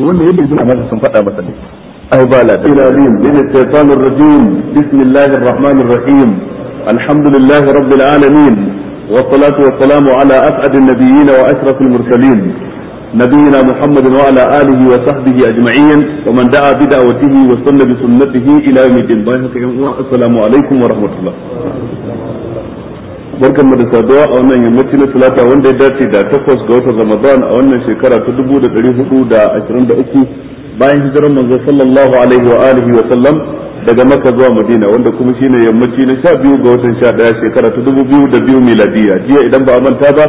to wannan yadda ibn Abbas sun faɗa masa ne ai ba la ila lim min shaitan ar-rajim bismillahir rahmanir rahim alhamdulillahi rabbil alamin والصلاة والسلام على أسعد النبيين وأشرف المرسلين نبينا محمد وعلى آله وصحبه أجمعين ومن دعا بدعوته وسن بسنته إلى يوم الدين السلام عليكم ورحمة الله barkan mu da saduwa a wannan yammaci na talata wanda ya dace da takwas ga watan ramadan a wannan shekara ta dubu da ɗari hudu da ashirin da uku bayan hijirar manzo sallallahu alaihi wa alihi wa sallam daga maka zuwa madina wanda kuma shine yammaci na sha biyu ga watan sha ɗaya shekara ta dubu biyu da biyu miladiya jiya idan ba a manta ba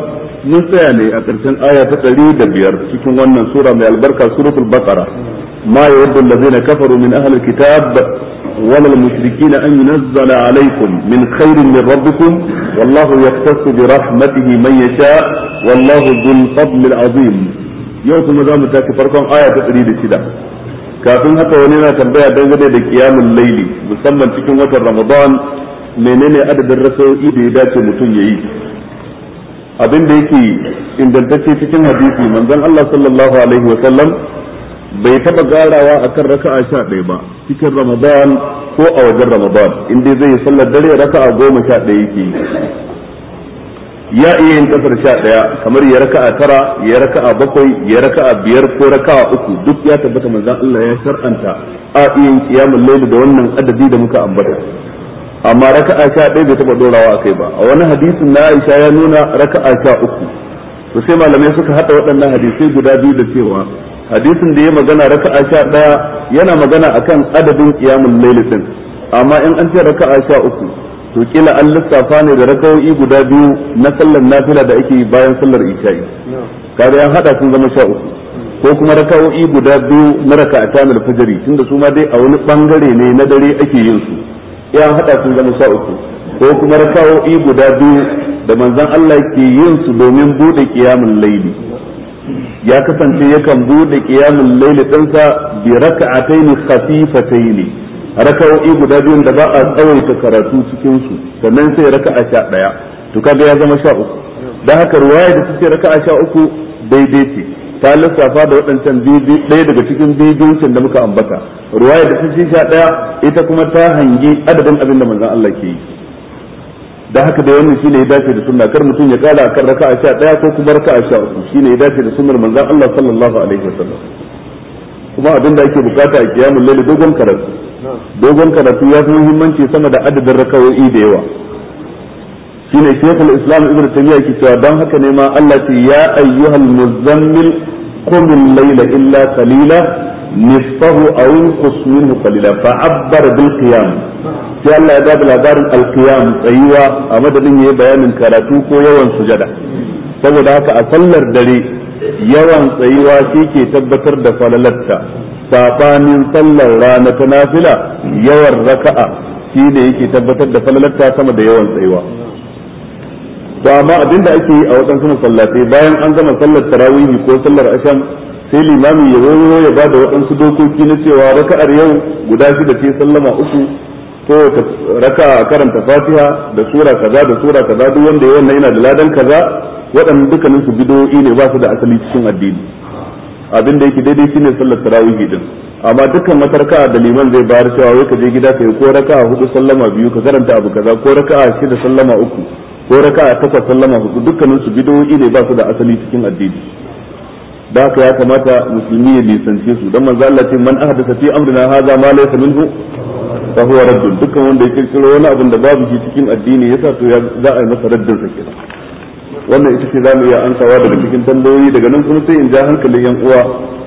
mun tsaya ne a ƙarshen aya ta ɗari da biyar cikin wannan sura mai albarka suratul baqara ma yawaddu allazina kafaru min ahlil kitab ولا المشركين أن ينزل عليكم من خير من ربكم والله يختص برحمته من يشاء والله ذو الفضل العظيم يوم مدام تاكي آية تريد الشدة kafin haka wani yana tambaya dangane da kiyamun laili musamman cikin watan ramadan menene adadin raso'i da ya dace mutum ya yi yake ingantacce cikin hadisi manzon Allah bai taba garawa akan raka'a sha ɗaya ba cikin ramadan ko a wajen ramadan inda zai yi sallar dare raka'a goma sha ɗaya yake ya iya yin kasar sha ɗaya kamar ya raka'a tara ya raka'a bakwai ya raka'a biyar ko raka'a uku duk ya tabbata manzan Allah ya shar'anta a iya yin qiyamul da wannan adadi da muka ambata amma raka'a sha ɗaya bai taba dorawa akai ba a wani hadisin na Aisha ya nuna raka'a sha uku to sai malamai suka haɗa waɗannan hadisai guda biyu da cewa hadisin da ya magana raka'a sha daya yana magana akan adadin qiyamul layl din amma in an ce raka'a sha uku to kila an lissafa ne da raka'o'i guda biyu na sallar nafila da ake bayan sallar isha'i kare an hada sun zama sha uku ko kuma raka'o'i guda biyu na raka'atan al fajri tunda su ma dai a wani bangare ne na dare ake yin su ya hada sun zama sha uku ko kuma raka'o'i guda biyu da manzon Allah ke yin su domin bude qiyamul layli ya kasance yakan bude qiyamul layl dinsa bi rak'atayn khafifatayn raka'o'i guda biyun da ba a tsawaita karatu cikin su sannan sai raka'a sha daya to kaga ya zama sha uku dan haka ruwaya da take raka'a sha uku daidai ce ta lissafa da waɗancan ɗaya daga cikin bidiyoncin da muka ambata ruwaya da take sha daya ita kuma ta hangi adadin abin da manzon Allah ke yi da haka da wannan shine ya dace da sunna kar mutum ya kara kan raka'a sha daya ko kuma raka'a sha uku shine ya dace da sunnar manzon Allah sallallahu alaihi wasallam kuma abin da ake bukata a kiyamul layl dogon karatu dogon karatu ya fi muhimmanci sama da adadin raka'o'i da yawa shine shaykhul islam ibnu taymiya ke cewa dan haka ne ma Allah ce ya ayyuhal muzammil qum al-layla illa qalila nisfahu aw inqus qalila fa abbar bil sai Allah ya bada labarin alqiyam tsayuwa a madadin ya yi bayanin karatu ko yawan sujada saboda haka a sallar dare yawan tsayuwa shi ke tabbatar da falalarta safanin sallar rana ta nafila yawan raka'a shi ne yake tabbatar da falalarta sama da yawan tsayuwa to amma abin da ake yi a waɗansu masallatai bayan an gama sallar tarawihi ko sallar asham sai limami ya wayo ya bada waɗansu dokoki na cewa raka'ar yau guda shida ce sallama uku ko ta raka karanta fatiha da sura kaza da sura kaza duk wanda ya wannan da ladan kaza waɗannan dukkanin su bidoyi ne ba su da asali cikin addini abin da yake daidai shine sallar tarawih din amma dukkan wata raka'a da liman zai bayar cewa wai ka je gida ka yi ko raka'a hudu sallama biyu ka karanta abu kaza ko raka'a shida sallama uku ko raka'a takwas sallama hudu dukkanin su bidoyi ne ba su da asali cikin addini da haka ya kamata musulmi ya nisance su dan manzo Allah ce man ahdatha fi amrina hadha ma laysa minhu sahuwar huwa dukkan wanda ya kirkiro wani abin da babu shi cikin addini yasa to za a yi masa raddin sa kenan wannan ita ce za mu iya ansawa daga cikin tambayoyi daga nan kuma sai in ja hankalin yan uwa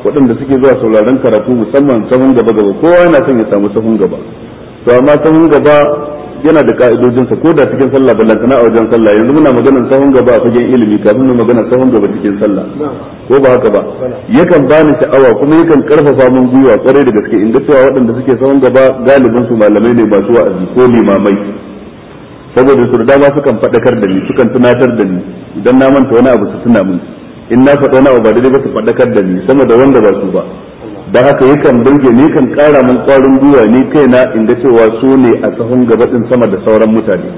waɗanda suke zuwa sauraron karatu musamman sahun gaba gaba kowa yana son ya samu sahun gaba to amma sahun gaba yana da ka'idojinsa ko da cikin sallah ballantana a wajen sallah yanzu muna magana sahun gaba a fagen ilimi kafin mu magana sahun gaba cikin sallah ko ba haka ba yakan bani sha'awa kuma yakan karfafa mun gwiwa kwarai da gaske inda cewa waɗanda suke sahun gaba galibin su malamai ne masu wa'azi ko limamai saboda su da su sukan faɗakar da ni sukan tunatar da ni idan na manta wani abu su tuna min in na faɗa wani abu ba daidai ba su faɗakar da ni sama da wanda ba su ba da haka yakan burge ni kan kara mun kwarin gwiwa ni kaina in ga cewa su ne a sahun gaba sama da sauran mutane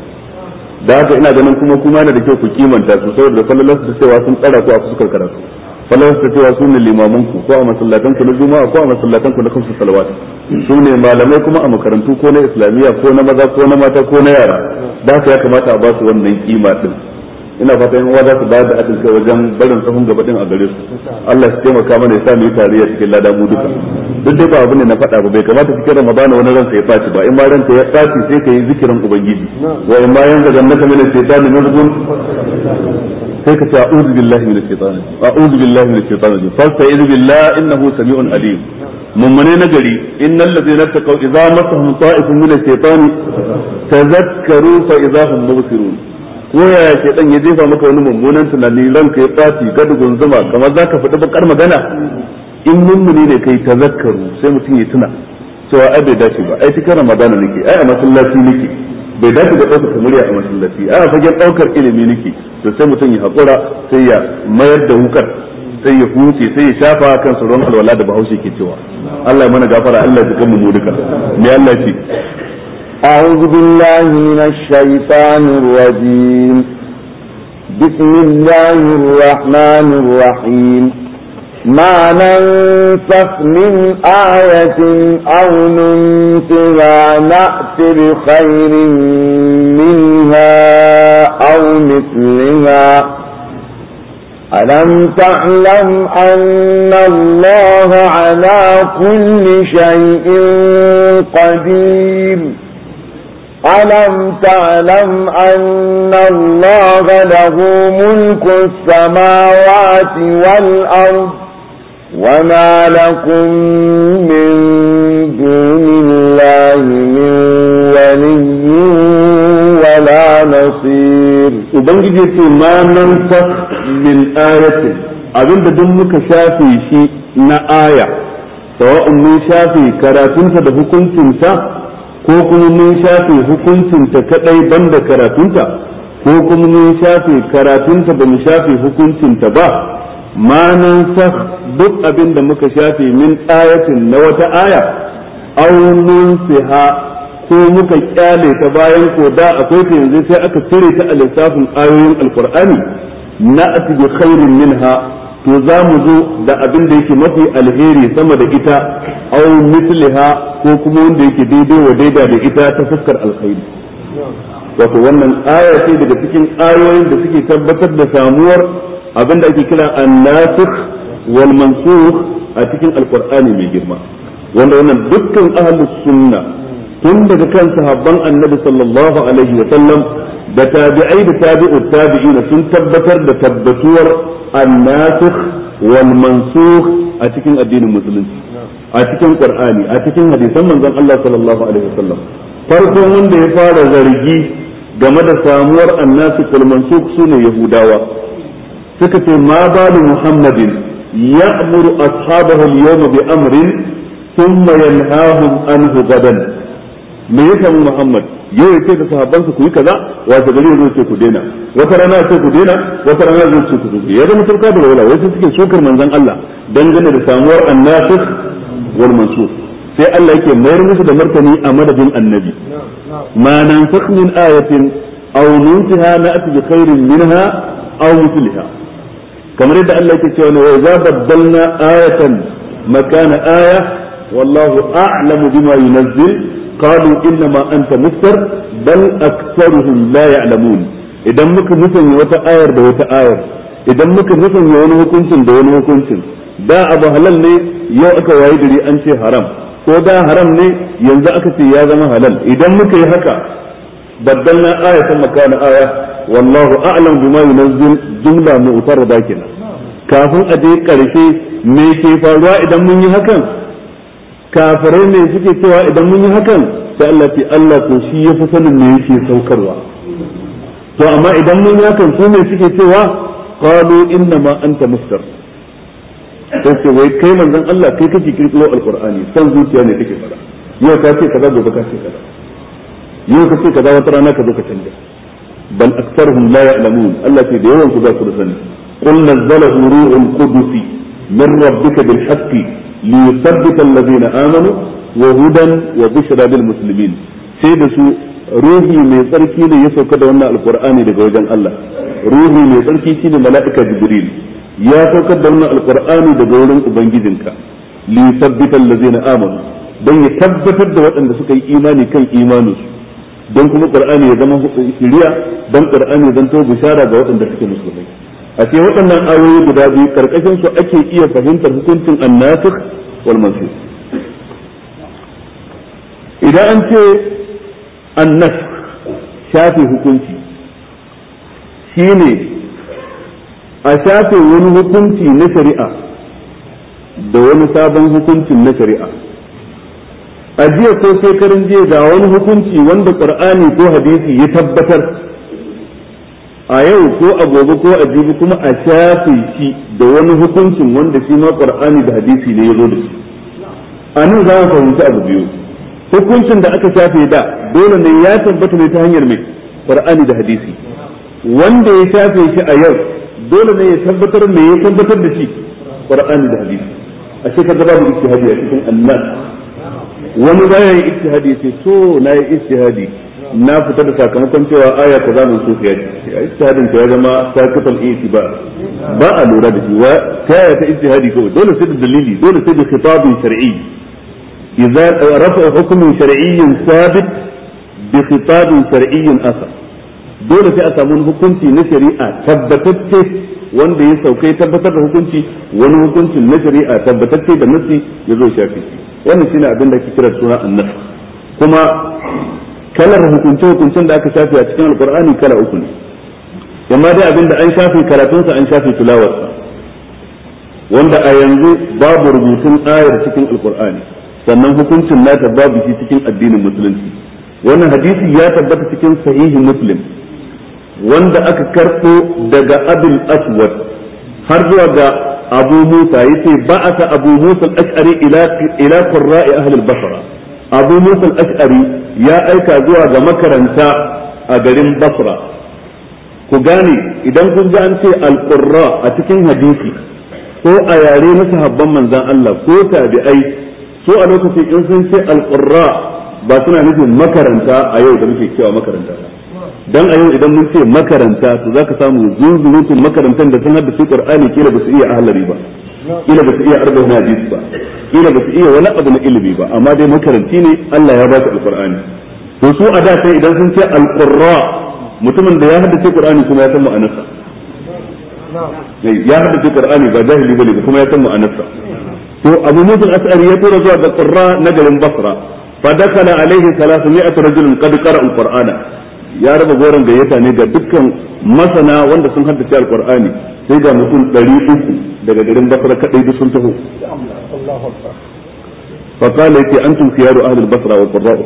da haka ina ganin kuma kuma na da kyau ku kimanta su saboda fallalar su cewa sun tsara ku a fuskar karatu fallalar su cewa su ne limaman ku ko a masallatan ku na juma'a ko a masallatan ku na kansu salawat su ne malamai kuma a makarantu ko na islamiyya ko na maza ko na mata ko na yara da haka ya kamata a ba su wannan kima din ina fata yan uwa za su bayar da haɗin kai wajen barin sahun gaba din a gare su Allah ya taimaka mana ya sa mu yi tariya cikin lada mu duka duk dai ba abin da na faɗa ba bai kamata cikin mabana wani ran ya faci ba in ma ran ya faci sai ka yi zikirin ubangiji wa in ma kamar sai ta shaytanin nazgun sai ka ce a'udhu billahi minash shaitani a'udhu billahi minash shaitani fasta'iz billahi innahu sami'un alim mummune na gari innal ladzina taqaw idza masahum ta'ifun minash shaitani tazakkaru fa idza hum mubsirun ko yaya dan ya jefa maka wani mummunan tunani ranka ya tsafi gadu gunzuma kamar zaka fita bakar magana in mummuni ne kai tazakkaru sai mutum ya tuna cewa ai bai dace ba ai cikin ramadana nake ai a masallaci nake bai dace da ɗaukar kamuriya a masallaci ai a fagen ɗaukar ilimi nake to sai mutum ya haƙura sai ya mayar da wukar sai ya huce sai ya shafa kan sauran alwala da bahaushe ke cewa Allah ya mana gafara Allah ya jikan mu duka me Allah ce أعوذ بالله من الشيطان الرجيم بسم الله الرحمن الرحيم ما ننسخ من آية أو ننسها نأت بخير منها أو مثلها ألم تعلم أن الله على كل شيء قدير ألم تعلم أن الله له ملك السماوات والأرض وما لكم من دون الله من ولي ولا نصير وبنجد ما ننسخ من آية أبن دمك شافي شيء نآية سواء من شافي كراتنسة karatunta da ko kuma mun shafe hukuncinta kadai banda karatunta ko kuma mun shafe karatunta ba mu shafe hukuncinta ba ma nan duk abin da muka shafe min ayatin na wata aya aw nunsiha ko muka kyale ta bayan ko da akwai ta yanzu sai aka cire ta a lissafin ayoyin alkur'ani na bi khairin minha to za mu zo da abin da yake mafi alheri sama da ita au misliha ko kuma wanda yake daidai wa daida da ita ta fuskar alkhairi wato wannan aya ce daga cikin ayoyin da suke tabbatar da samuwar abin da ake kira an-nasikh wal mansukh a cikin alqur'ani mai girma wanda wannan dukkan ahlus sunna tun daga kan sahabban annabi sallallahu alaihi wa sallam da tabi'ai da tabi'ut tabi'ina sun tabbatar da tabbatuwar annasikh wal mansukh a cikin addinin musulunci a cikin qur'ani a cikin hadisan manzon Allah sallallahu alaihi wasallam farkon wanda ya fara zargi game da samuwar annasikh wal mansukh sune yahudawa suka ce ma balu muhammadin ya'muru ashabahu al-yawma bi amrin thumma yanhahum anhu gadan me ya samu Muhammad yau ya ce da sahabbansa ku yi kaza wata gari ya zo ce ku daina wata rana ce ku daina wata rana zai ce ku daina ya zama turka da wala wai suke shukar manzon Allah dangane da samuwar annasikh wal mansukh sai Allah yake mayar musu da martani a madadin annabi ma nansakh min ayatin aw nuntaha na'ti bi khairin minha aw mithliha kamar yadda Allah yake cewa wa idza baddalna ayatan makana aya wallahu a'lamu bima yunzil قالوا إنما أنت مفتر بل أكثرهم لا يعلمون إذا مك مثل وتآير ده وتآير إذا مك مثل يونه كنتم ده يونه كنتم دا أبو هلال لي يو أكا وايدري أنت حرام ko da haram ne yanzu aka ce ya zama halal idan muka yi haka baddalna ta makana aya wallahu a'lam bima yunzil jumla mu'tarada kenan kafin a je karshe me ke faruwa idan mun yi hakan kafirai ne suke cewa idan mun yi hakan sai Allah ce Allah ko shi ya fi sanin me yake saukarwa to amma idan mun yi hakan su ne suke cewa qalu inna ma anta mustar sai ce wai kai manzon Allah kai kake kirkiro alqur'ani san zuciya ne kake fara yau ka ce kaza gobe ka ce kaza yau ka ce kaza wata rana ka zo ka canja bal aktsaruhum la ya'lamun Allah ce da yawan ku za ku da sani qul nazzalahu ruhul qudusi min rabbika bil haqqi ليثبت الذين آمنوا وهدى وبشرى للمسلمين سيد سو روحي من تركي ليسوك دونا القرآن لجوجا الله روحي من تركي سيد ملائكة جبريل يا سوك دونا القرآن لجوجا أبنجدنك ليثبت الذين آمنوا don ya tabbatar da waɗanda suka yi imani kan imaninsu don kuma ƙur'ani ya zama shiriya don ƙur'ani ya zanto bishara ga waɗanda suke musulmai a ce waɗannan ayoyi guda biyu karkashin su ake iya fahimtar hukuncin annasikh wal idan an ce annas shafe hukunci shine a shafe wani hukunci na shari'a da wani sabon hukuncin na shari'a a jiya ko karin jiya da wani hukunci wanda qur'ani ko hadisi ya tabbatar a yau ko a gobe ko a jibi kuma a shafe shi da wani hukuncin wanda shi ma qur'ani da hadisi ne ya zo da shi a nan za mu fahimci abu biyu hukuncin da aka shafe da dole ne ya tabbata ne ta hanyar mai qur'ani da hadisi wanda ya shafe shi a yau dole ne ya tabbatar me ya tabbatar da shi qur'ani da hadisi a shekar da babu ijtihadi a cikin Allah wani baya yin ijtihadi sai to na yi ijtihadi na fita da sakamakon cewa aya ta kaza mun sufiya ce istihadin ta ya zama sakitul isi ba ba a lura da shi wa ta ya ta istihadi kawai dole sai da dalili dole sai da khitabin shar'i idza rafa hukmun shar'iyyin sabit bi khitabin shar'iyyin asa dole sai a samu hukunci na shari'a tabbatacce wanda ya saukai tabbatar da hukunci wani hukuncin na shari'a tabbatacce da nasi ya zo shafi wannan shine abin da ake kira suna annas kuma kalar hukunce hukuncen da aka shafe a cikin alqur'ani kala uku ne amma dai abinda an shafe karatunsa an shafe tilawarsa wanda a yanzu babu rubutun ayar cikin alqur'ani sannan hukuncin nata babu shi cikin addinin musulunci wannan hadisi ya tabbata cikin sahihi muslim wanda aka karɓo daga abin aswad har zuwa ga abu musa yace ba'ata abu musa al-ash'ari ila ila qurra'i ahli basra abu musa ashari ya aika zuwa ga makaranta a garin basra ku gane idan kun ji an ce a cikin hadisi ko a yare na sahabban manzon Allah ko tabi'ai so a lokacin in sun ce al ba suna nufin makaranta a yau da muke cewa makaranta dan a yau idan mun ce makaranta to zaka samu zuzurutun makarantar da sun haddace Qur'ani kila ba su iya ahlari ba kila ba su iya arba wani hadisi ba kila ba su iya wani abu na ilimi ba amma dai makaranti ne Allah ya ba su alqur'ani to su a da sai idan sun ce alqurra mutumin da ya haddace qur'ani kuma ya san ma'anarsa ya haddace qur'ani ba jahili bane ba kuma ya san ma'anarsa to abu musul as'ari ya tura zuwa ga qurra na garin basra fa dakala alaihi 300 rajulun qad qara'a alqur'ana ya raba goron gayyata ne ga dukkan masana wanda sun haddace alqur'ani sai ga mutum 300 daga garin basra kadai duk sun taho fa qala ki antum khiyaru ahli basra wa qurra'u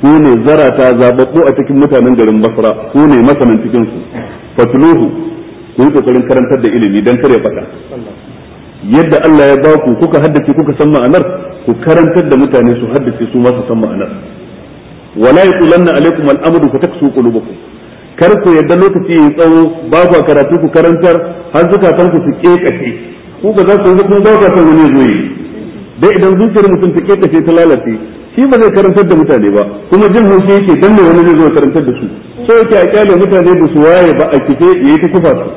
ku ne zarata zababbu a cikin mutanen garin basra ku ne masanan cikin su fatluhu ku yi kokarin karantar da ilimi dan kare fata yadda Allah ya ba ku kuka haddace kuka san ma'anar ku karantar da mutane su haddace su ma su san ma'anar wala yaqulanna alaikum al'amru ku qulubukum kar ku yadda lokaci ya tsawo ba ku karatu ku karantar har zukatan ku su kekace ku ba za ku yi kuma ba ku san wani yi. dai idan zuciyar mutum ta kekace ta lalace shi ba zai karantar da mutane ba kuma jin haushi yake dan ne wani zai zo karantar da su so yake a kyale mutane ba su waye ba a kife yayi ta kufa su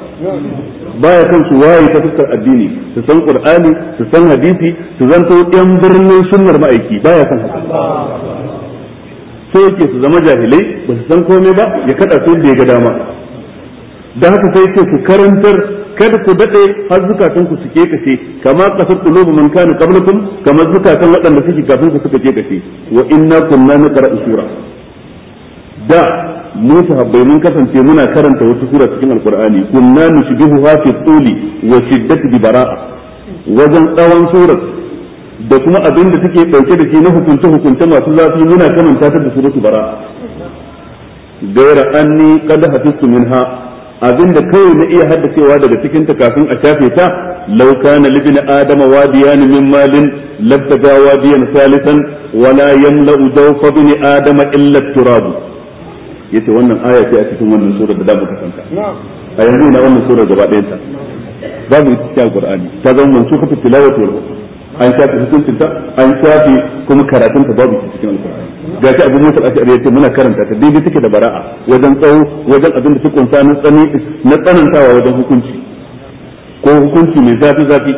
ya kan su waye ta fuskar addini su san qur'ani su san hadisi su zanto yan birnin sunnar ma'aiki Ba ya san haka so yake su zama jahilai ba su san komai ba ya kada su da ya ga dama da haka sai ce ku karantar kada ku dade har zukatan ku su kekace kama kasar qulubu man kana qablakum kama zukatan waɗanda suke kafin ku suka kekace wa inna kunna naqra'u sura da mu sahabbai mun kasance muna karanta wata sura cikin alqur'ani kunna nushbihu fi tuli wa shiddati bi bara'a wajen tsawon surar da kuma abin da take dauke da shi na hukunta-hukunta masu zafi muna kamanta ta da suratul bara gaira anni qad hafistu ha, abin da kawai na iya haddacewa daga cikin ta kafin a shafe ta law na libin adama wadiyan min malin labtaga wadiyan salisan wala yamla'u dawfa bin adama illa turabu yace wannan aya ce a cikin wannan surar da da muka kanta a yanzu ina wannan surar gaba ɗayan ta babu ita cikin qurani ta zama mansukatu tilawatu wal hukm an shafi hukuncin ta an shafi kuma karatun ta babu shi cikin alkur'ani ga shi abu musul ashari ce muna karanta ta daidai take da bara'a wajen tsawo wajen abin da ta kunsa na tsanantawa wajen hukunci ko hukunci mai zafi zafi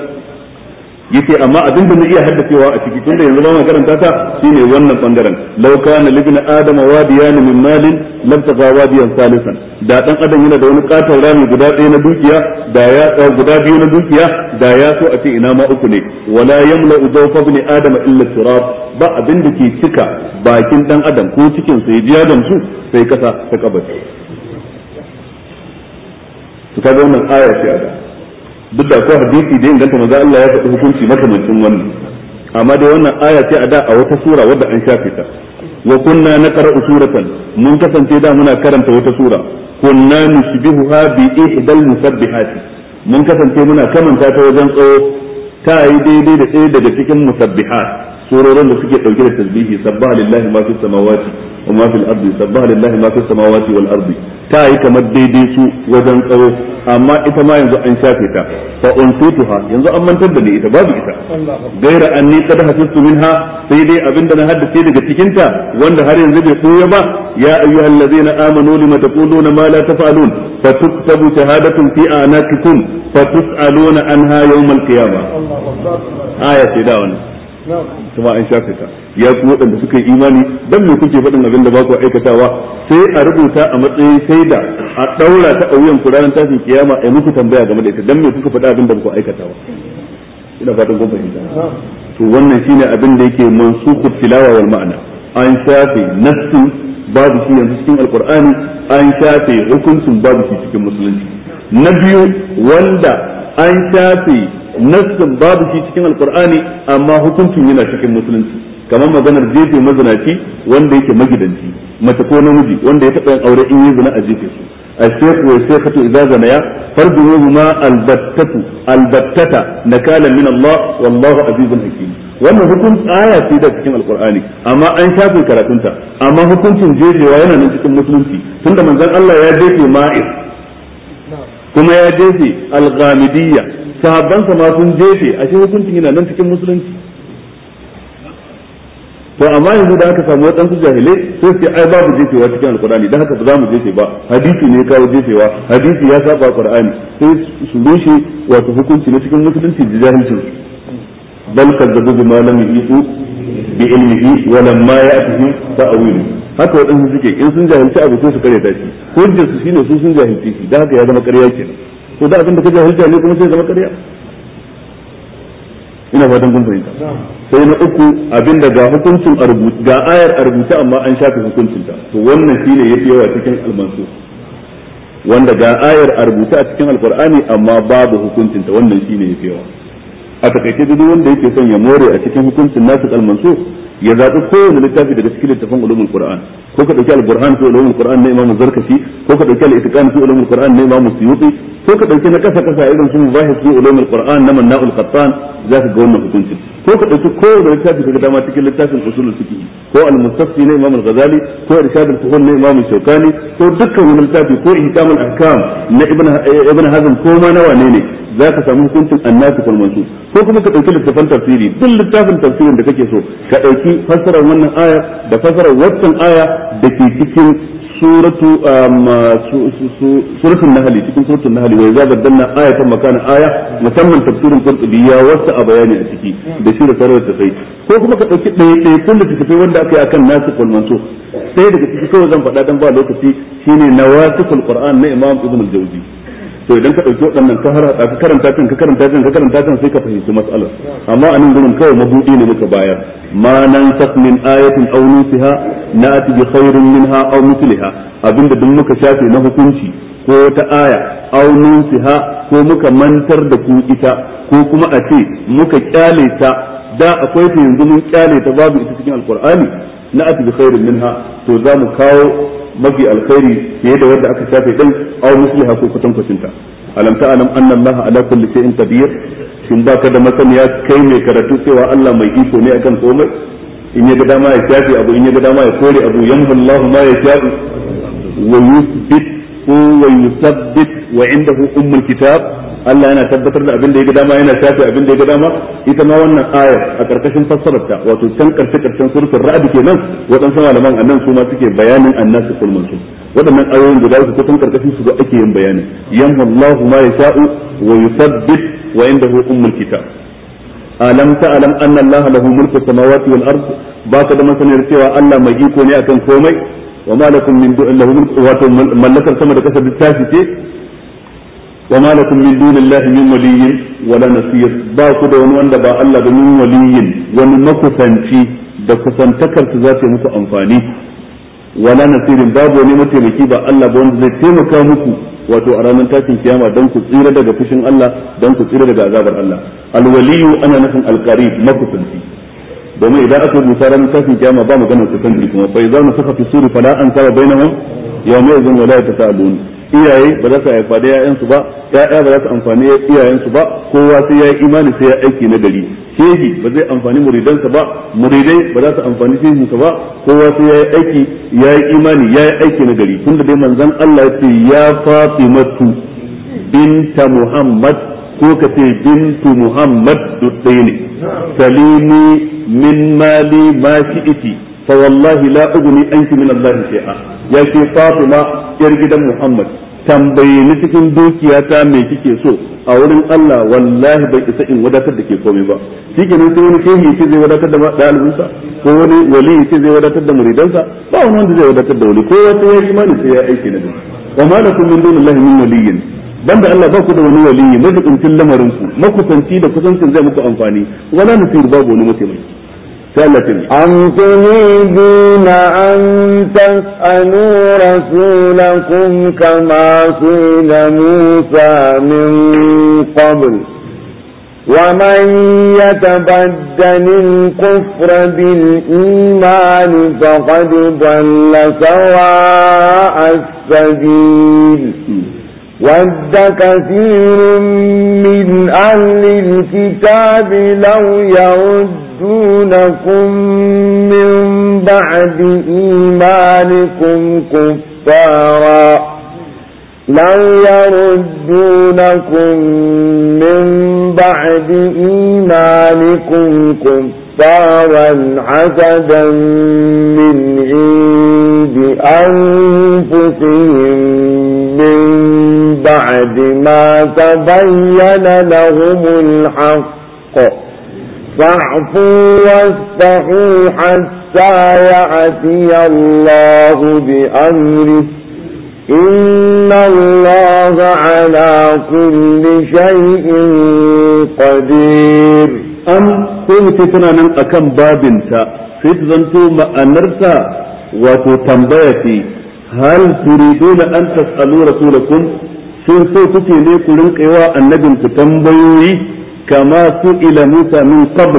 yake amma abin da na iya haddacewa a ciki tunda yanzu ba mu karanta ta shine wannan bangaren law kana libna adama wadiyan min malin lam taqa salisan da dan adam yana da wani katon rami guda ɗaya na dukiya da ya guda biyu na dukiya da ya so a ce ina ma uku ne wala yamla udawfa ibn adama illa turab ba abin da ke cika bakin dan adam ko cikin sai ya da su sai kasa ta kabari to kaga wannan aya ce a duk da akwai hadisi da inganta manzo Allah ya faɗi hukunci cin wannan amma dai wannan aya ce a da a wata sura wadda an shafe ta wa kunna naqra'u suratan mun kasance da muna karanta wata sura kunna nushbihuha bi ihdal musabbihat mun kasance muna kamanta ta wajen tsawo ta yi daidai da ɗaya daga cikin musabbihat surorin da suke ɗauke da tasbihi sabbaha lillahi ma fis samawati wa ma fil ardi sabbaha lillahi ma fis samawati wal ardi ta yi kamar daidai su wajen tsawo amma ita ma yanzu an shafe ta fa unsituha yanzu an mantar da ni ita babu ita gaira anni qad hasistu minha sai dai abinda na haddace daga cikin ta wanda har yanzu bai koya ba ya ayyuhallazina amanu lima taquluna ma la taf'alun fatuktabu shahadatun fi anakikum fatus'aluna anha yawmal qiyamah aya ce da wannan kuma an shafe ta ya ku waɗanda suka yi imani dan me kuke faɗin abin da ba ku aikatawa sai a rubuta a matsayin shaida a daura ta a wuyan ku ranar tashin kiyama a muku tambaya game da ita dan me kuka faɗa abin da ba ku aikatawa ina fatan kun fahimta to wannan shine abin da yake mansukhu tilawa wal ma'ana an shafe nassin babu shi yanzu cikin alqur'ani an shafe hukuncin babu shi cikin musulunci na biyu wanda an shafe nassin babu shi cikin alqur'ani amma hukuncin yana cikin musulunci kamar maganar jefe mazinaci wanda yake magidanci mace ko namiji wanda ya taɓa yin aure in yi zina a jefe su الشيخ والشيخة إذا زنيا فرجموهما da البتة نكالا من الله والله عزيز hakim. wannan hukun aya ce da cikin alkur'ani amma an shafe karatunta amma hukuncin jefewa yana nan cikin musulunci tunda manzon Allah ya jefe ma'ir kuma ya jefe al-ghamidiyya sahabban ma sun jefe ashe hukuncin yana nan cikin musulunci to amma yanzu da aka samu wadansu jahilai sai sai ai babu jefewa cikin alkurani dan haka ba za mu jefe ba hadisi ne kawo jefewa hadisi ya saba qur'ani sai su rushe wato hukunci na cikin musulunci da jahilcin bal kadzabu bima lam yuqu bi ilmihi wa ma ya'tihi ta'wilu haka wadansu suke in sun jahilci abu sai su kare ta shi hujjar su shine su sun jahilci shi dan haka ya zama ƙarya kenan to da abin da ka jahilci ne kuma sai zama ƙarya ina fatan kun fahimta sai na uku abinda ga hukuncin ga ayar a rubuce amma an shafe ta to wannan shine yafi yawa cikin almansu wanda ga ayar a rubuce a cikin alkur'ani amma babu hukuncin ta wannan shine yafi yawa a takaice duk wanda yake son ya more a cikin hukuncin nasu al ya zaɓi kowane littafi daga cikin littafin ulumul qur'an ko ka dauki al-burhan fi ulumul qur'an na imamu zarkashi ko ka dauki al-itqan fi ulumul qur'an na imamu suyuti ko ka dauki na kasa kasa irin su mubahis fi ulumul qur'an na manna'ul qattan za ka ga wannan hukunci ko ka dauki kowane littafi daga dama cikin littafin usulul fiqh ko al-mustafti na imamu al-ghazali ko irshad al-fuhul na imamu shawkani ko dukkan wani littafi ko ihkamul ahkam na ibn ibn hazm ko ma na wane ne za ka samu hukuncin annasu wal mansub ko kuma ka dauki littafin tafsiri duk littafin tafsirin da kake so ka dauki fassarar wannan aya da fassarar wannan aya da ke cikin suratu um, uh, suratul nahl cikin suratul nahl wa idza badalna ayatan makana aya musamman tafsirin qurtubi ya wasa a bayani a ciki da shi da sarar da sai ko kuma ka dauki ɗaya ɗaya kun tafsiri wanda aka yi akan nasu wal sai daga ciki kawai zan faɗa dan ba lokaci shine nawasikul qur'an na imam ibn al-jawzi to idan ka dauki waɗannan ka harhaɗa ka karanta kan ka karanta kan ka karanta kan sai ka fahimci matsalar amma a nan gurin kawai mabudi ne muka bayar ma nan tas min ayatin aw nusiha na'ti bi khairin minha aw mithliha abinda duk muka shafe na hukunci ko ta aya aw nusiha ko muka mantar da ku ita ko kuma a ce muka kyale ta da akwai ta yanzu mun kyale ta babu ita cikin alqur'ani na ati bi khairin minha to za mu kawo mafi alkhairi fiye da wanda aka shafe din aw misliha ko kutan kucinta alam ta'lam anna allaha ala kulli shay'in qadir shin baka da masaniya kai mai karatu cewa Allah mai iko ne akan komai in ya ga dama ya shafe abu in ya ga dama ya kore abu yamhu Allah ma ya shafe wa yuthbit wa yuthabbit wa indahu ummul kitab Allah yana tabbatar da abin da ya ga dama yana shafe abin da ya ga dama ita ma wannan ayar a karkashin fassararta wato can karshe karshen suratul ra'd kenan waɗansu malaman annan su ma suke bayanin annasu kul mansub waɗannan ayoyin guda uku kusan karkashin su ake yin bayani yamhu Allahu ma yasha'u wa yuthabbit wa indahu ummul kitab alam ta'lam anna Allah lahu mulku samawati wal ard ba ka da masaniyar cewa Allah mai iko ne akan komai wa ma min du'in wato mallakar sama da kasar littafi ce wa ma lakum min dunillahi min waliyyin wala nasir ba ku da wani wanda ba Allah ba min waliyyin wani makusanci da kusantakar ta za ta yi muku amfani wala nasirin babu wani mataimaki ba Allah ba wanda zai taimaka muku wato a ranar tashin kiyama don ku tsira daga fushin Allah don ku tsira daga azabar Allah alwaliyu ana nufin alqarib makusanci domin idan aka rubuta ranar tashin kiyama ba magana kusanci kuma fa idza nusakha fi suri fala ansaba bainahum yawma idhin wala yatasaalun iyaye ba za su haifa da ba yaya ba za su amfani iyayensu ba kowa sai ya yi imani sai ya aiki na gari shehi ba zai amfani muridansa ba muridai ba za su amfani shehinsa ba kowa sai ya yi aiki ya yi imani ya yi aiki na gari tunda dai manzon Allah ya ce ya Fatimatu binta Muhammad ko ka ce bintu Muhammad duk ɗaya ne salimi min mali ma shi'iti fa wallahi la ugni anki min Allah shay'a ya ce fatima yar gidan muhammad tambaye ni cikin dukiyata mai kike so a wurin Allah wallahi bai isa in wadatar da ke komai ba shikenan sai wani shehi ce zai wadatar da dalibinsa ko wani wali ce zai wadatar da muridansa ba wani wanda zai wadatar da wali ko wata ya imani sai ya na da wa ma lakum min dunillahi min waliyyin banda Allah ba ku da wani wali majibincin lamarin ku makusanci da kusancin zai muku amfani wala nasir babu wani mataimaki سنة أم تريدون أن تسألوا رسولكم كما سئل موسى من قبل ومن يتبدل الكفر بالإيمان فقد ضل سواء السبيل ود كثير من أهل الكتاب لو يرد يصدونكم من بعد إيمانكم كفارا لو يردونكم من بعد إيمانكم كفارا حسدا من عند أنفسهم من بعد ما تبين لهم الحق فاعفوا واستحوا حتى يعفي الله بأمره إن الله على كل شيء قدير أم كنت من أكم باب انت فتزنتو مأنرسا وتتنبيتي هل تريدون أن تسألوا رسولكم sun so لي ne ku rinƙa yawa kama su ila Musa min qabl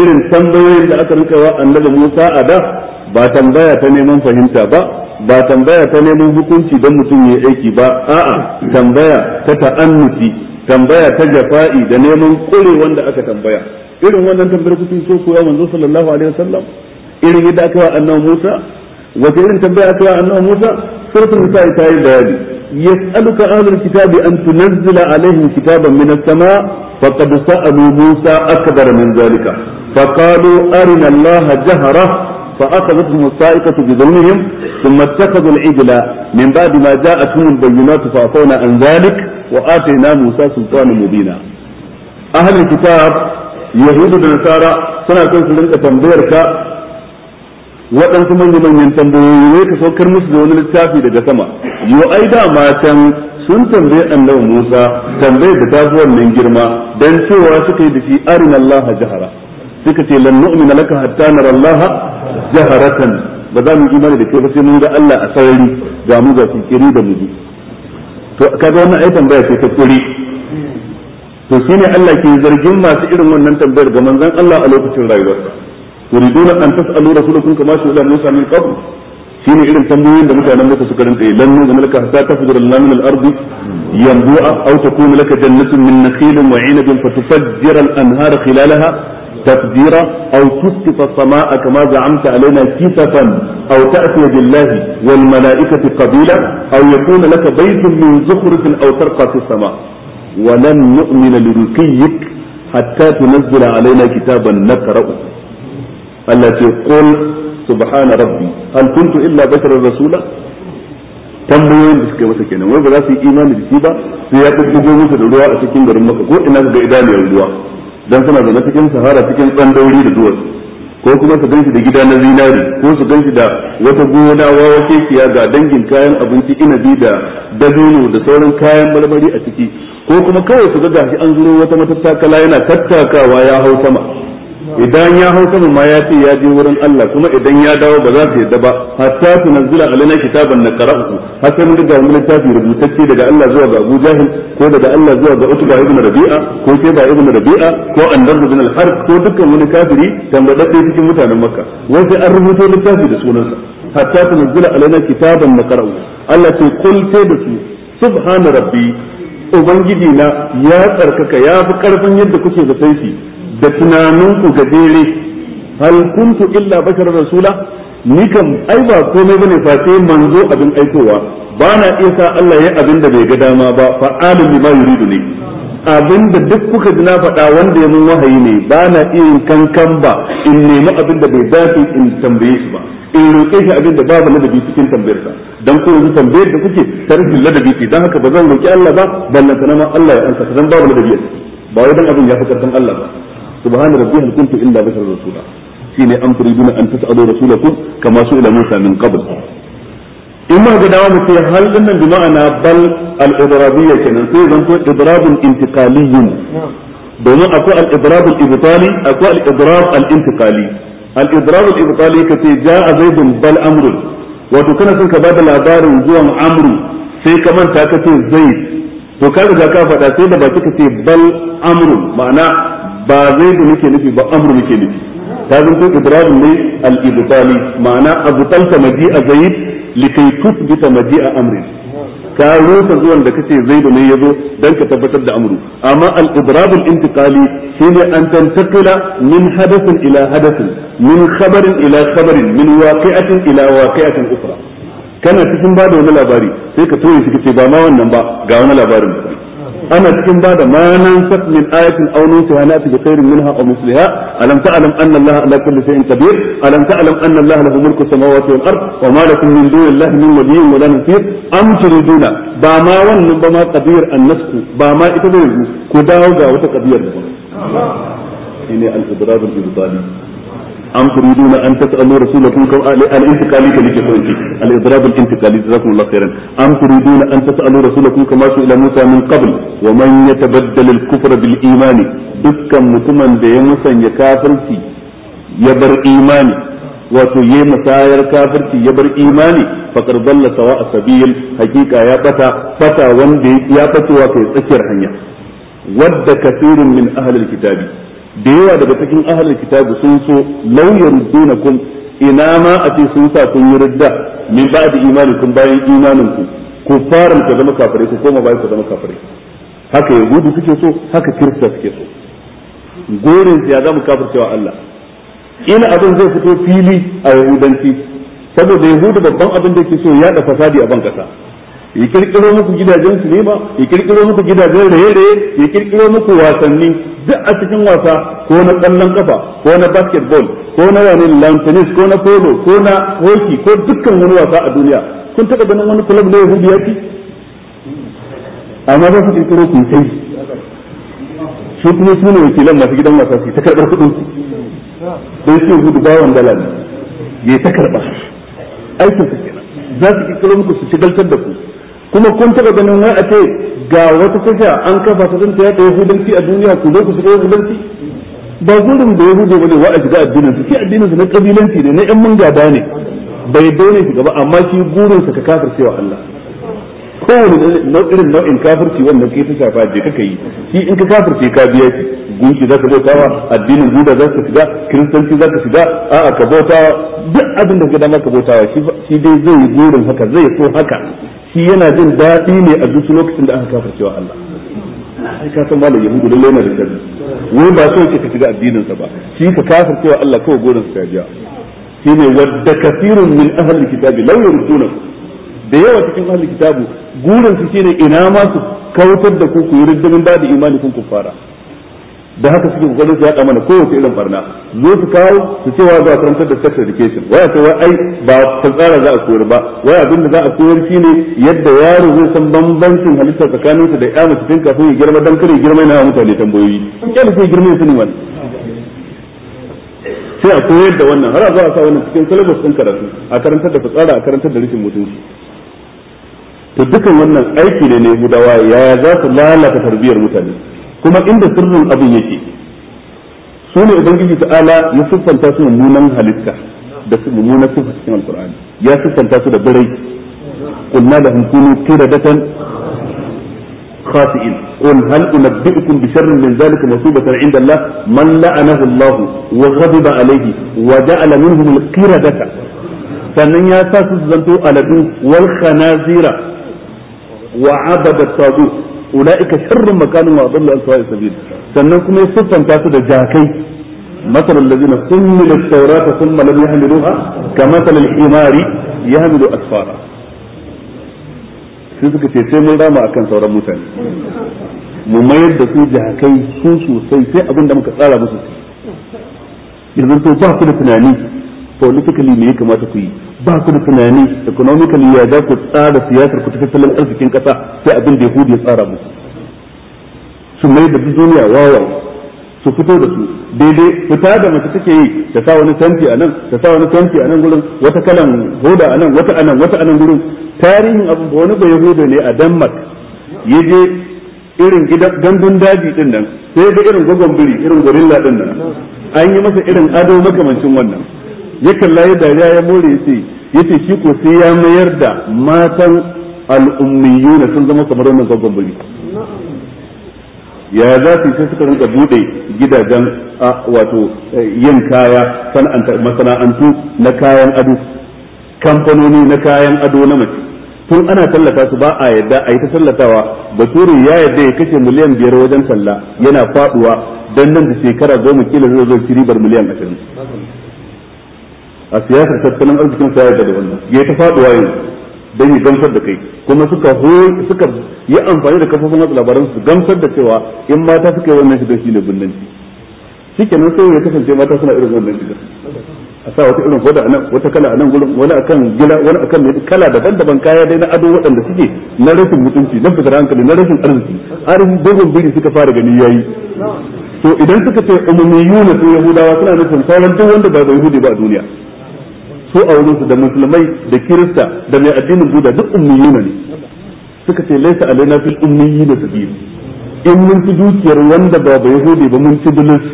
irin tambayoyin da aka rika wa annabi Musa a da ba tambaya ta neman fahimta ba ba tambaya ta neman hukunci don mutum ya aiki ba a'a tambaya ta ta'annuti tambaya ta jafa'i da neman kure wanda aka tambaya irin wannan tambayar kuke so koya manzo sallallahu alaihi wasallam irin yadda aka wa annabi Musa وكأن تبعك أنه موسى سورة النساء تايل بيادي يسألك أهل الكتاب أن تنزل عليهم كتابا من السماء فقد سألوا موسى أكبر من ذلك فقالوا أرنا الله جهرة فأخذتهم الصائقة بظلمهم ثم اتخذوا العجل من بعد ما جاءتهم البينات فأعطونا عن ذلك وآتينا موسى سلطان مبينا أهل الكتاب يهود بن سارة سنة تنزل تنبيرك waɗansu manya-manyan tambayoyi ne ka saukar musu da wani littafi daga sama yo ai da matan sun tambaye annabi Musa tambayar da tafi wannan girma dan cewa suka yi da shi arinallaha jahara suka ce lan nu'mina laka hatta nara Allah jaharatan ba za mu imani da kai ba sai mun ga Allah a sarari ga mu ga da mu to kaga wannan ai tambaya ce ta kuri to shine Allah ke zargin masu irin wannan tambayar ga manzon Allah a lokacin rayuwarsa تريدون أن تسألوا رسولكم كما سئل موسى من قبل شنو إلى التمويل لم يتعلم لك سكر أنت إيه. لن نظم لك حتى تفجر الله من الأرض ينبوء أو تكون لك جنة من نخيل وعنب فتفجر الأنهار خلالها تفجيرا أو تسقط السماء كما زعمت علينا كسفا أو تأتي بالله والملائكة قبيلا أو يكون لك بيت من زخرف أو ترقى في السماء ولن نؤمن لرقيك حتى تنزل علينا كتابا نقرأه Allah ce qul subhana rabbi hal kuntu illa basharar rasula tambayoyin da suka masa kenan wai ba za su yi imani da shi ba sai ya go musu da ruwa a cikin garin maka ko ina ga idaniyar ruwa dan suna zama cikin sahara cikin dauri da duwatsu ko kuma su ganshi da gida na zinari ko su ganshi da wata gona wawa kiya ga dangin kayan abinci ina bi da dabino da sauran kayan marmari a ciki ko kuma kawai su ga gashi an zuro wata matattakala yana tattakawa ya hau sama idan ya hau sama ma ya ce ya je wurin Allah kuma idan ya dawo ba za su yadda ba hatta tunzila alaina kitaban na qara'u har mun ga wani littafi rubutacce daga Allah zuwa ga Abu Jahil ko daga Allah zuwa ga Utba ibn Rabi'a ko sai ba ibn Rabi'a ko Andar ibn al-Harb ko dukkan wani kafiri tambadadde cikin mutanen Makka wai sai an rubuto littafi da sunansa hatta tunzila alaina kitaban na qara'u Allah ce kul sai da su subhana rabbi ubangiji na ya tsarkaka ya fi karfin yadda kuke da sai da tunaninku gajere hal kuntu illa bashar rasula ni kam ai ba komai bane fa sai manzo abin aikowa ba na iya sa Allah ya abin da bai ga dama ba fa alim ma yuridu ne abin da duk kuka ji na faɗa wanda ya mun wahayi ne ba na iya yin kankan ba in nemi abin da bai dace in tambaye shi ba in roƙe shi abin da babu ladabi cikin tambayar sa dan ko yanzu tambayar da kuke tarihin ladabi ce dan haka ba zan roƙi Allah ba ballan ma Allah ya ansa dan babu ladabi ba wai dan abin ya fi karfin Allah ba subhana rabbiyal kuntu illa bashar rasula shine an turiduna an tas'alu rasulakum kama su ila musa min qabl in ma ga dawo mutai hal din nan bal al idrabiyya kenan sai zan ko idrabun intiqaliyyun domin akwai al idrab akwai al idrab al intiqali al idrab al ibtali bal amrun wato kana son ka bada labarin zuwan amru sai ka manta kace zaid faɗa sai da baki kace bal ma'ana ba zaidu muke nufi ba amru muke nufi ta zanto idrarun ne al-ibtali ma'ana abtalta a zaid likai tusbita a amri ka rusa zuwan da kace zaidu ne yazo dan ka tabbatar da amru amma al-idrabul intiqali shine an tantakila min hadathin ila hadathin min khabarin ila khabarin min waqi'atin ila waqi'atin ukhra kana cikin bada wani labari sai ka toye shi kace ba ma wannan ba ga wani labarin ana cikin ba da manan sat min ayatin aw nusiha na bi khairin minha aw misliha alam ta'lam anna allaha ala kulli shay'in qadir alam ta'lam anna allaha lahu mulku samawati wal ard wa ma lakum min dunillahi min waliyyin wa la nasir am turiduna ba ma wannan ba ma qadir annasku ba ma ita ne ku dawo ga wata qadiyar ba shine al-idrab al-ibtali am turiduna an tas'alu rasulakum kam al-intiqali kalike ko الاضراب الانتقالي جزاكم الله خيرا ام تريدون ان تسالوا رسولكم كما سئل موسى من قبل ومن يتبدل الكفر بالايمان دكان mutumin da ya musanya kafirci ya bar imani wato ya musayar kafirci ya bar imani faqad dalla sawa sabil hakika ya bata bata wanda ya fatowa kai tsakiyar hanya wadda kathirun min ahli alkitabi da yawa daga cikin ahli alkitabi sun so law yardunakum ina ma a ce sun sa kun yi ridda min ba da imani imanin bayan imanin ku ku fara ku zama kafirai ku koma bayan ku zama kafirai haka yahudu suke so haka kirista suke so gorin ya zamu kafircewa Allah ina abin zai fito fili a yahudanci saboda yahudu babban abin da yake so ya da fasadi a ban kasa ya kirkiro muku gidajen sinima ya kirkiro muku gidajen raye-raye ya kirkiro muku wasanni duk a cikin wasa ko na tsallan kafa ko na basketball ko na wani lawn tennis ko na polo ko na hockey ko dukkan wani wasa a duniya kun taɓa ganin wani club na yahudi ya ci amma za su kirkiro kun sai su kuma su ne wakilan masu gidan wasa su ta karɓar kuɗin su don su yahudu bawan dala ne ya ta karɓa aikin su kenan za su kirkiro muku su shigaltar da ku kuma kun taɓa ganin wani a ce ga wata kusa an kafa ta zan ta yaɗa yahudanci a duniya ku zo ku shiga yahudanci ba gurin da ya ba bane wa a shiga addinin su shi addinin su na kabilanci ne na yan mun gaba ne bai daune shiga ba amma shi gurin sa ka kafar cewa Allah kowane nau'in nau'in kafirci wannan kai ta shafa je kaka yi shi in ka kafirce ka biya shi gunki zaka wa addinin za zaka shiga kiristanci zaka shiga a'a ka bautawa duk abin da ka dama ka wa shi dai zai yi gurin haka zai so haka shi yana jin daɗi ne a duk lokacin da aka kafirce wa Allah ai ka san malam yahudu lalle yana da sharri wai ba so yake ka shiga addinin sa ba shi ka kafir cewa Allah kawai gurin sa biya shine wadda kafirun min ahli kitabi law yurduna da yawa cikin ahli kitabu gurin su shine ina ma su kautar da ku ku yi riddamin ba da imani kun ku fara da haka suke kokarin su yada mana kowace irin barna zo su kawo su wa za a karantar da sex education waya ce wai ai ba tsara za a koyar ba wai abin da za a koyar ne yadda yaro zai san bambancin halitta tsakanin da ya mace tun kafin ya girma dan kare girma yana mutane tambayoyi kun kyale sai girma ya sani wani sai a koyar da wannan har a zo a sa wannan cikin syllabus din karatu a karantar da tsara a karantar da rikin mutunci to dukan wannan aiki ne na Yahudawa yaya za su lalata tarbiyyar mutane kuma inda sirrin abin yake su ne ubangiji ta ala ya siffanta su mummunan halitta da su mummunan sufa cikin alkur'ani ya siffanta su da birai kunna da hankulu kira da tan khasi'in qul hal unabbi'ukum bi sharrin min dhalika masubatan 'inda Allah man la'anahu Allah wa ghadiba alaihi wa ja'ala minhum al-qiradata sannan ya sa su zanto aladu wal khanazira wa 'abada tagut ulaika sharrun makanin wa adallu an sawa'i sabil sannan kuma ya siffanta su da jakai مثل الذين حملوا التوراة ثم لم يحملوها كمثل الحمار asfara. أسفارا sai suka ce sai mun rama akan sauran mutane mu mayar da su jakai su sosai sai abin da muka tsara musu yanzu to ba su da tunani politically me ya kamata ku yi ba ku da tunani economically ya za ku tsara siyasar ku tattalin arzikin kasa sai abin da yahudi ya tsara musu su mai da duniya wawa su fito da su daidai fita da mace take yi ta sa wani tanti a nan ta sa wani tanti a nan gurin wata kalan hoda a nan wata a nan wata a nan gurin tarihin abu ba wani bayahuda ne a denmark ya je irin gandun daji din nan sai da irin gwagwan biri irin gorilla din nan an yi masa irin ado makamancin wannan ya kalla ya dariya ya more ya ce yace shi ko sai ya mayar da matan na sun zama kamar wannan gwaggon buri ya za su sai suka rinka bude gidajen wato eh, yin kaya masana'antu na kayan ado kamfanoni na kayan ado na mace tun ana tallata su ba a yadda a yi ta tallatawa bature ya yadda ya kashe miliyan biyar wajen talla yana faduwa don nan da shekara goma kila zai zo ribar miliyan ashirin a siyasar tattalin arzikin sa ya da wannan ya ta faduwa yanzu dan yi gamsar da kai kuma suka suka yi amfani da kafofin watsa labaran su gamsar da cewa in mata suka yi wannan shigar shine bullanci shikenan sai ya kasance mata suna irin wannan shigar a sa wata irin hoda anan wata kala anan gurin wani akan gila wani akan mai kala daban-daban kaya dai na ado waɗanda suke na rashin mutunci na fitar hankali na rashin arziki arin dogon biri suka fara gani yayi to idan suka ce umumiyuna su yahudawa suna nufin sauran duk wanda ba da yahudi ba a duniya su a su da musulmai da kirista da mai addinin buda duk ummiyuna ne suka ce laisa alaina fil ummiyina sabil in mun ci dukiyar wanda ba ba yahudi ba mun ci bilis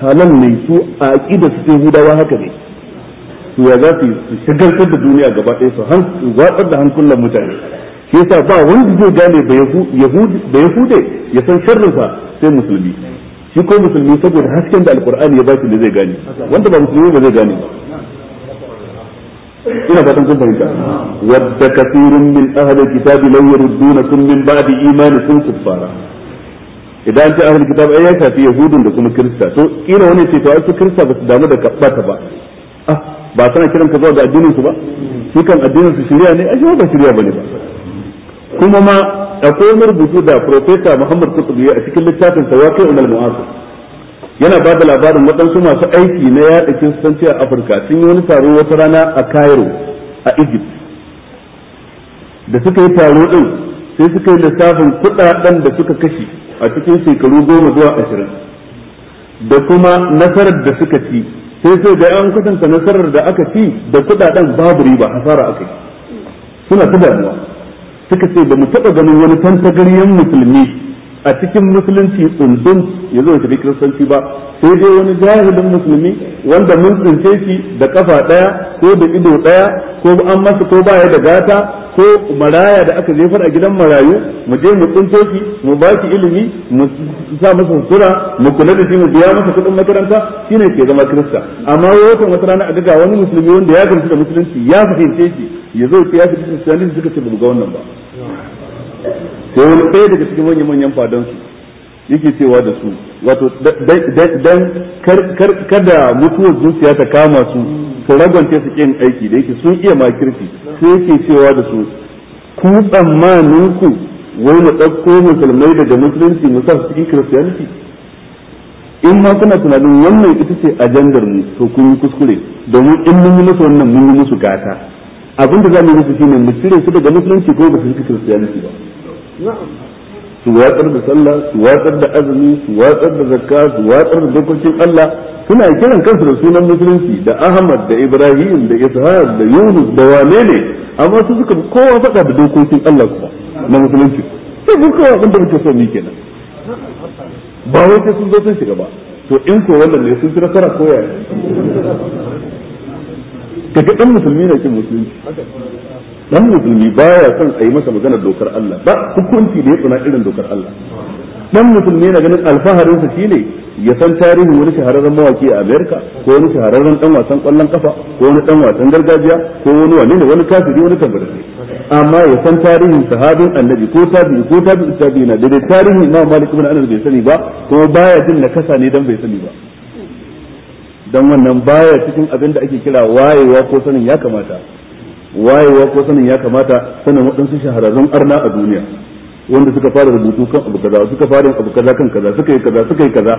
halan ne su a aqida su ce hudawa haka ne to ya za su shigar da duniya gaba ɗaya su watsar da hankulan mutane shi yasa ba wanda zai gane ba yahudi da yahude ya san sharrinsa sai musulmi shi ko musulmi saboda hasken da alqur'ani ya baki da zai gane wanda ba musulmi ba zai gane ba ina fatan kun fahimta wadda kafirun min ahalin kitabi law sun min ba imani sun kuffara idan ta ahli kitab ai ya shafi yahudun da kuma kirista to kila wani ce to ai su kirista ba su damu da kabbata ba ah ba sana kiran ka zuwa ga addinin su ba shi kan addinin su shari'a ne ai ba shari'a bane ba kuma ma akwai rubutu da professor Muhammad Qutbi a cikin littafin sa waqi'ul mu'asir yana ba da labarin waɗansu masu aiki na yaɗa sanci a afirka sun yi wani taro wata rana a cairo a egypt da suka yi taro ɗin sai suka yi lissafin kuɗaɗen da suka kashe a cikin shekaru goma zuwa ashirin da kuma nasarar da suka ci sai sai da an kwatanta nasarar da aka ci da kuɗaɗen babu riba hasara aka yi suna ta damuwa suka ce ba mu taɓa ganin wani tantagaryen musulmi a cikin musulunci tsundum ya zo shi kiristanci ba sai dai wani jahilin musulmi wanda mun tsince shi da kafa daya ko da ido daya ko an masa ko baya da gata ko maraya da aka jefar a gidan marayu mu je mu tsince shi mu baki ilimi mu sa masa mu kula da shi mu biya masa kuɗin makaranta shine ke zama kirista amma wakan wata rana a daga wani musulmi wanda ya gamsu da musulunci ya fahimce shi ya zo ya fi suka ce ba ga wannan ba sai wani ɗaya daga cikin manyan manyan fadan su yake cewa da su wato dan kada mutuwar zuciya ta kama su su ragwance su kin aiki da yake sun iya makirci sai yake cewa da su ku tsammanin ku wai mu ɗauko musulmai daga musulunci mu sa su cikin kiristiyanci in ma kuna tunanin wannan ita ce ajandar mu to kun yi kuskure domin in mun yi musu wannan mun yi musu gata abin da za mu yi musu shine mu cire su daga musulunci ko ba su cikin kiristiyanci ba su watsar da sallah su watsar da azumi su watsar da zakka su watsar da dokokin Allah suna kiran kansu da sunan musulunci da Ahmad da Ibrahim da Ishaq da Yunus da wane ne amma su suka kowa faɗa da dokokin Allah kuma na musulunci sai duk kawai abin da muke so ni kenan ba wai sun zo sun shiga ba to in ko wannan ne sun fi kara koya. kaga dan musulmi na cin musulmi dan musulmi baya son a yi masa magana dokar Allah ba hukunci da ya tsuna irin dokar Allah dan musulmi na ganin alfaharin sa shine ya san tarihin wani shahararren mawaki a Amerika ko wani shahararren dan wasan kwallon kafa ko wani dan wasan gargajiya ko wani wani ne wani kafiri wani amma ya san tarihin sahabin annabi ko tabi ko tabi tabi na da tarihin Imam Malik ibn Anas bai sani ba ko baya jin nakasa ne dan bai sani ba don wannan baya cikin abin da ake kira wayewa ko sanin ya kamata wayewa ko sanin ya kamata sanin waɗansu shahararrun arna a duniya wanda suka fara rubutu kan abu kaza suka fara abu kaza kan kaza suka yi kaza suka yi kaza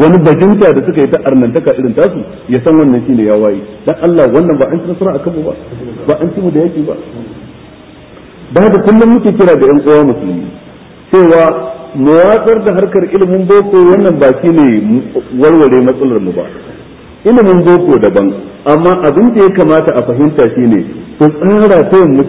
wani bajinta da suka yi ta arnantaka irin tasu ya san wannan shine ya waye dan Allah wannan ba an ci nasara akan mu ba ba an ci mu da yake ba ba da kullum muke kira da yan uwa musulmi cewa mu watsar da harkar ilimin boko wannan ba shine warware matsalar mu ba ilimin boko daban amma abin da ya kamata a fahimta shine ku tsara ta yin